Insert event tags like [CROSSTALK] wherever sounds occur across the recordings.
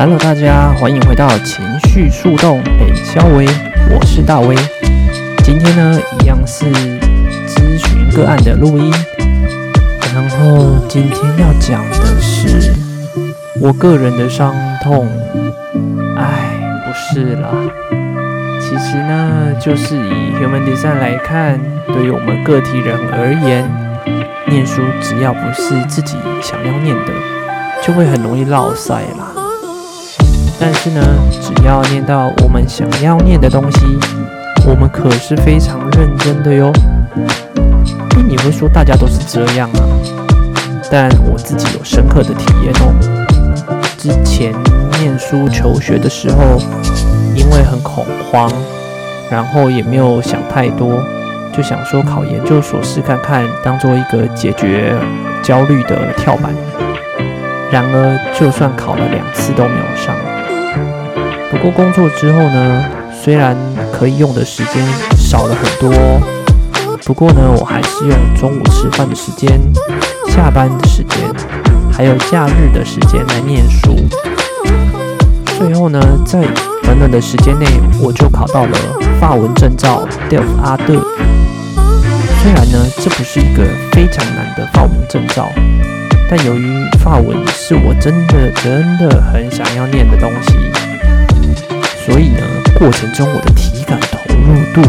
hello，大家歡迎回到情緒樹洞。我是小威，我是大威。今天呢，一樣是諮詢個案的錄音。然後今天要講的是我個人的傷痛。哎，不是啦，其實呢，就是以 Human Design 來看，對於我們個體人而言，念書只要不是自己想要念的，就會很容易落賽啦。但是呢，只要念到我們想要念的東西，我們可是非常認真的喲。你會說大家都是這樣嗎？啊？但我自己有深刻的體驗哦。之前念書求學的時候，因為很恐慌，然後也沒有想太多，就想說考研究所試看看，當做一個解決焦慮的跳板。然而，就算考了兩次都沒有上。不過工作之後呢，雖然可以用的時間少了很多哦，不過呢，我還是用中午吃飯的時間、下班的時間，還有假日的時間來念書。最後呢，在短短的時間內，我就考到了法文證照 DELF A2。雖然呢，這不是一個非常難的法文證照，但由於法文是我真的真的很想要念的東西。所以呢，過程中我的體感投入度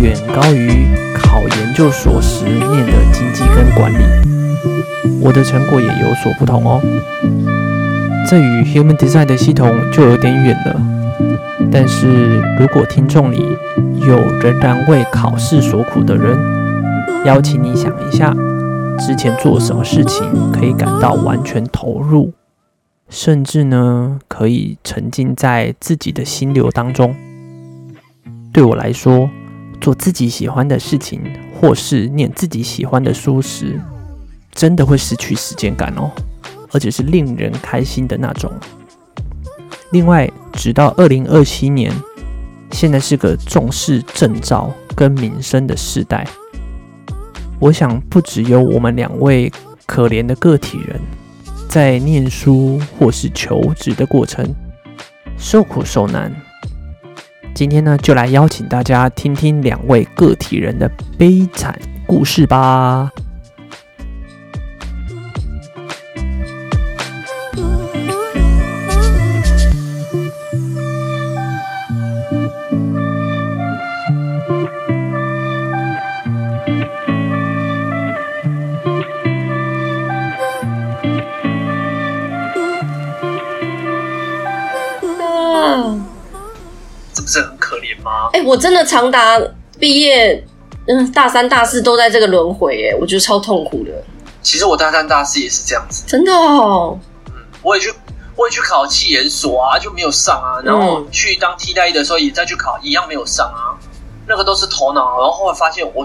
遠高於考研究所時念的經濟跟管理，我的成果也有所不同哦。這與 human design 的系統就有點遠了。但是如果聽眾裡有仍然為考試所苦的人，邀請你想一下，之前做什麼事情可以感到完全投入？甚至呢，可以沉浸在自己的心流當中。對我來說，做自己喜歡的事情，或是念自己喜歡的書時，真的會失去時間感哦，而且是令人開心的那種。另外，直到二零二七年，現在是個重視證照跟名聲的時代。我想，不只有我們兩位可憐的個體人。在念書或是求職的過程，受苦受難。今天呢，就來邀請大家聽聽兩位個體人的悲慘故事吧。哎、欸，我真的長達畢業，嗯，大三大四都在這個輪迴，哎，我覺得超痛苦的。其實我大三大四也是這樣子，真的哦。哦、嗯、我也去，我也去考企研所啊，就沒有上啊。然後去當替代役的時候，也再去考，一樣沒有上啊。嗯、那個都是頭腦，然後後來發現我，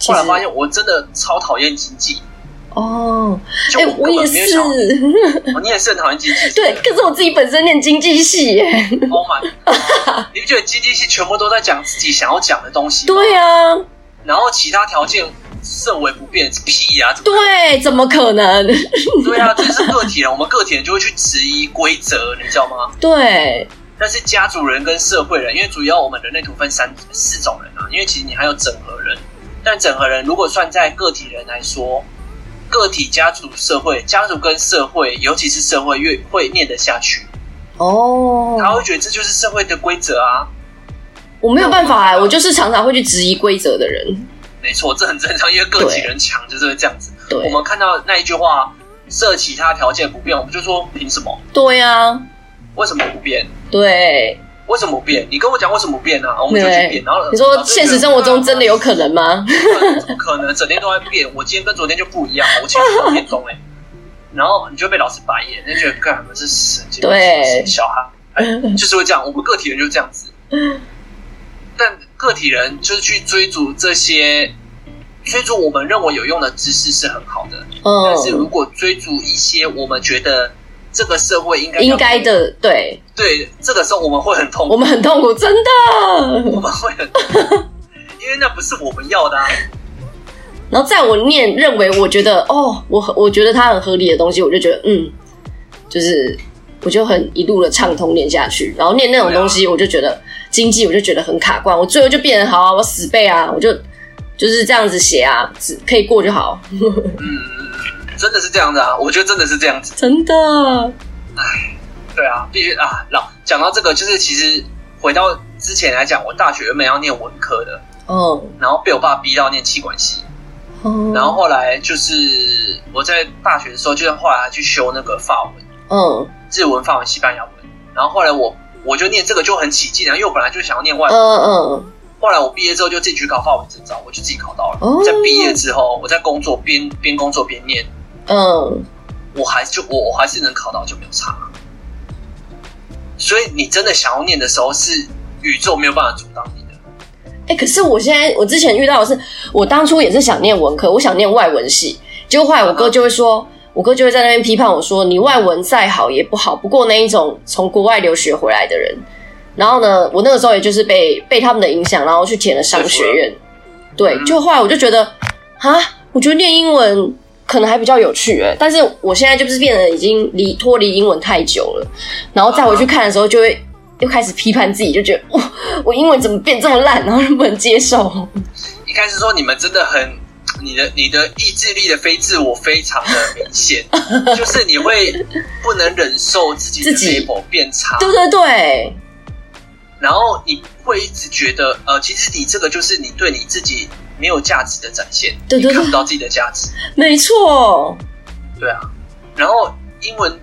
後來發現我真的超討厭經濟。哦、oh，就，欸，我也是，哦，你也是很討厭經濟系。對，可是我自己本身念經濟系耶。Oh my！God, [LAUGHS] 你不覺得經濟系全部都在講自己想要講的東西？對啊。然後其他條件設為不變，是屁啊怎麼！對，怎麼可能？對啊，這，就是個體人，我們個體人就會去質疑規則，你知道嗎？對。但是家族人跟社會人，因為主要我們人類圖分三四種人啊。因為其實你還有整合人，但整合人如果算在個體人來說。個體、家族、社會、家族跟社會，尤其是社會越會念得下去，哦，他會覺得這就是社會的規則啊。我沒有辦法啊，我就是常常會去質疑規則的人。沒錯，這很正常，因為個體人強就是這樣子對對。我們看到那一句話，設其他條件不變，我們就說憑什麼？對呀、啊，為什麼不變？對。為什麼變？你跟我講為什麼變呢、啊？我們就去變。然後你說現實生活中真的有可能嗎？怎 [LAUGHS] 麼可能？整天都在變。我今天跟昨天就不一樣。我今天很嚴重哎。然後你就被老師白眼，那就覺得看他是神經病。對，是是小哈、哎，就是會這樣。我們個體人就是這樣子。但個體人就是去追逐這些，追逐我們認為有用的知識是很好的。Oh. 但是如果追逐一些我們覺得。這個社會應該應該的，對對，這個時候我們會很痛苦，我們很痛苦，真的，我們會很，痛苦， [LAUGHS] 因為那不是我們要的、啊。然後在我念認為我覺得哦，我我覺得它很合理的東西，我就覺得嗯，就是我就很一路的暢通念下去。然後念那種東西，啊、我就覺得經濟我就覺得很卡關，我最後就變得好啊，我死背啊，我就就是這樣子寫啊，可以過就好。 [LAUGHS] 嗯真的是這樣的啊！我覺得真的是這樣子，真的。哎，對啊，必須啊。老，講到這個，就是其實回到之前來講，我大學原本要念文科的，哦、oh.，然後被我爸逼到念企管系，哦、oh.，然後後來就是我在大學的時候，就是後來去修那個法文，嗯、oh.，日文、法文、西班牙文，然後後來我我就念這個就很起勁啊，因為我本來就想要念外文，嗯嗯。後來我畢業之後就自己去考法文執照，我就自己考到了。Oh. 在畢業之後，我在工作邊邊工作邊念。嗯，我還就我，我還是能考到就沒有差，所以你真的想要念的時候，是宇宙沒有辦法阻擋你的。哎、欸，可是我現在我之前遇到的是，我當初也是想念文科，我想念外文系，結果後來我哥就會說，啊啊我哥就會在那邊批判我說，你外文再好也不好，不過那一種從國外留學回來的人。然後呢，我那個時候也就是被被他們的影響，然後去填了商學院。對，就、嗯、後來我就覺得，啊，我覺得念英文。可能還比較有趣，哎、欸，但是我現在就是變得已經離脫離英文太久了，然後再回去看的時候，就會又開始批判自己，就覺得我，哦，我英文怎麼變這麼爛，然後不能接受。一開始說你們真的很，你的你的意志力的非自我非常的明顯， [LAUGHS] 就是你會不能忍受自己的結果變差。對對對。然後你會一直覺得呃，其實你這個就是你對你自己。沒有價值的展現，對對對，看不到自己的價值，沒錯。對啊，然後英文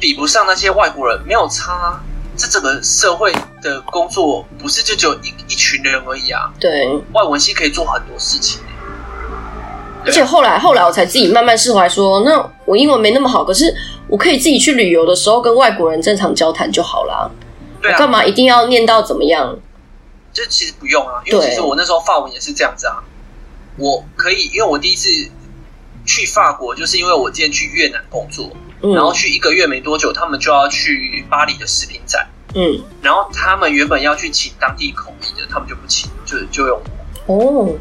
比不上那些外國人，沒有差、啊。這整個社會的工作不是就只有一一群人而已啊。對，外文系可以做很多事情、欸啊。而且後來，後來我才自己慢慢釋懷，說那我英文沒那麼好，可是我可以自己去旅遊的時候跟外國人正常交談就好了、啊。我幹嘛一定要念到怎麼樣？這其實不用啊，因為其實我那時候法文也是這樣子啊。我可以，因為我第一次去法國，就是因為我之前去越南工作、嗯，然後去一個月沒多久，他們就要去巴黎的食品展。嗯，然後他們原本要去請當地口譯的，他們就不請，就就用我。哦。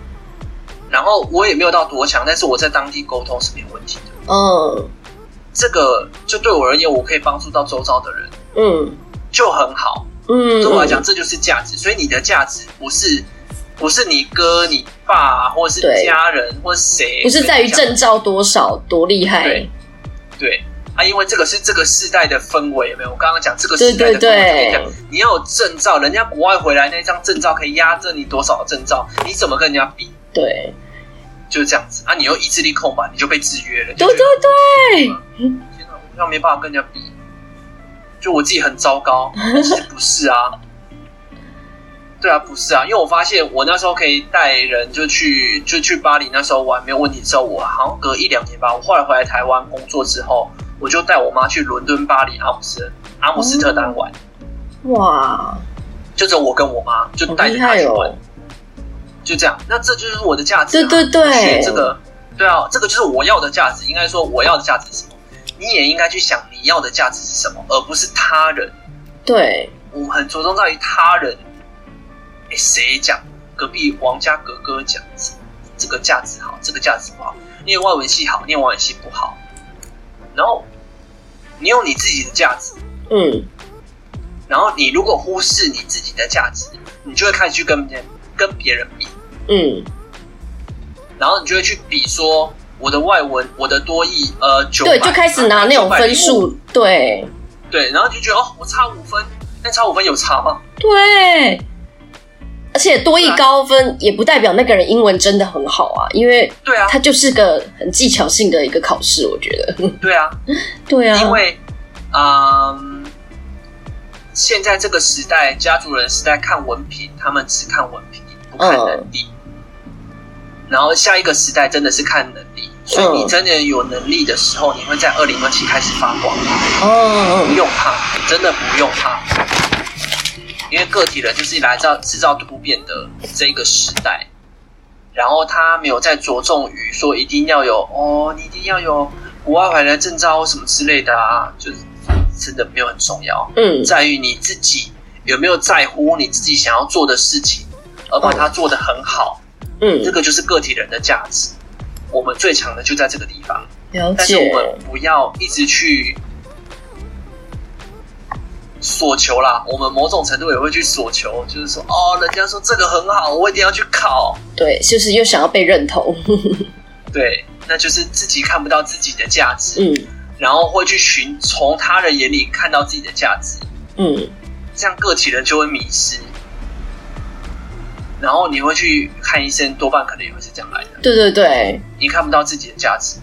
然後我也沒有到多強，但是我在當地溝通是沒有問題的。嗯、哦，這個就對我而言，我可以幫助到周遭的人。嗯，就很好。嗯，對我來講，這就是價值。所以你的價值不是不是你哥、你爸，或者是家人，或是誰，不是在於證照多少、多厲害。對，對啊，因為這個是這個世代的氛圍。有沒有，我剛剛講這個世代的氛圍，你要有證照，人家國外回來那張證照可以壓着你多少的證照？你怎麼跟人家比？對，就是這樣子啊！你又意志力控吧，你就被制約了。對對對，嗯、天哪、啊，我好像沒辦法跟人家比。就我自己很糟糕，其實不是啊， [LAUGHS] 對啊，不是啊，因為我發現我那時候可以帶人就去就去巴黎，那時候我還沒有問題。之後我好像隔一兩年吧，我後來回來台灣工作之後，我就帶我媽去倫敦、巴黎、阿姆斯、阿姆斯特丹玩。嗯、哇！就只有我跟我媽就帶着她去玩，哦，就這樣。那這就是我的價值，啊，對對對，這個，對啊，這個就是我要的價值。應該說我要的價值是什麼？你也應該去想。你要的價值是什麼？而不是他人。對，我們很着重在於他人。欸，誰講？隔壁王家哥哥講，這個價值好，這個價值不好。念外文系好，念外文系不好。然後你有你自己的價值，嗯。然後你如果忽視你自己的價值，你就會開始去跟別人，跟別人比，嗯。然後你就會去比說。我的外文，我的多益，呃，980，對，就開始拿那種分數，950，對對，然後就覺得哦，我差五分，那差五分有差嗎？對，而且多益高分也不代表那個人英文真的很好啊，因為對啊，他就是個很技巧性的一個考試，我覺得、嗯、對啊， [LAUGHS] 對啊，因為嗯，現在這個時代家族人是在看文憑，他們只看文憑不看能力、嗯，然後下一個時代真的是看能力。所以你真的有能力的時候，你會在二零二七開始發光。哦、oh. 不用怕，真的不用怕。因為個體人就是來到製造突變的這個時代，然後他沒有再着重於說一定要有哦，你一定要有國外回來的證照什麼之類的啊，就是真的沒有很重要。嗯，在於你自己有沒有在乎你自己想要做的事情，而把它做得很好。嗯，這個就是個體人的價值。我們最強的就在這個地方，但是我們不要一直去索求啦。我們某種程度也會去索求，就是說，哦，人家說這個很好，我一定要去考。對，就是又想要被認同。 [LAUGHS] 對，那就是自己看不到自己的價值，嗯，然後會去尋從他人眼裡看到自己的價值，嗯，這樣個體人就會迷失。然後你會去看醫生，多半可能也會是這樣來的。對對對，你看不到自己的價值。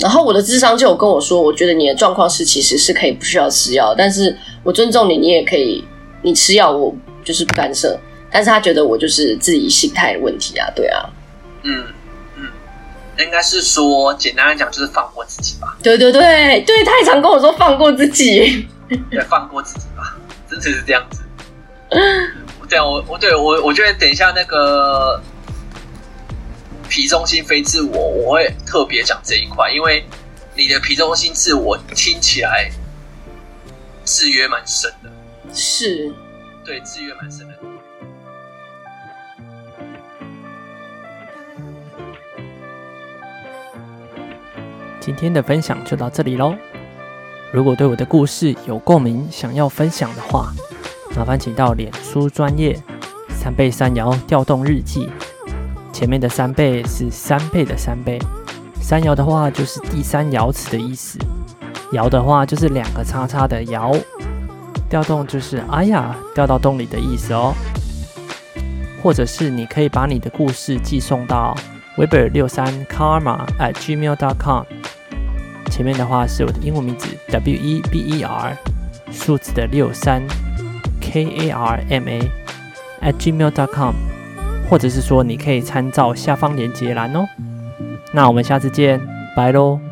然後我的諮商就有跟我說，我覺得你的狀況是其實是可以不需要吃藥，但是我尊重你，你也可以你吃藥，我就是不干涉。但是他覺得我就是自己心態的問題啊，對啊，嗯嗯，應該是說簡單來講就是放過自己吧。對對對對，他也常跟我說放過自己，對，放過自己吧，真的是這樣子。 [LAUGHS] 對啊，我對我對我我覺得等一下那個皮中心非自我，我會特別講這一塊，因為你的皮中心自我聽起來制約蠻深的，是，對，制約蠻深的。今天的分享就到這裡嘍，如果對我的故事有共鳴，想要分享的話，麻煩請到臉書專頁“三倍三搖調動日記”。前面的“三倍”是三倍的三倍，“三搖”的話就是第三爻辭的意思，“搖”的話就是兩個叉叉的搖，“調動”就是哎呀掉到洞裡的意思哦。或者是你可以把你的故事寄送到 weber 六三 karma at gmail dot com。前面的話是我的英文名字 W E B E R 數字的六三。k a r m a at gmail dot com，或者是說你可以參照下方鏈接欄哦。那我們下次見，拜嘍。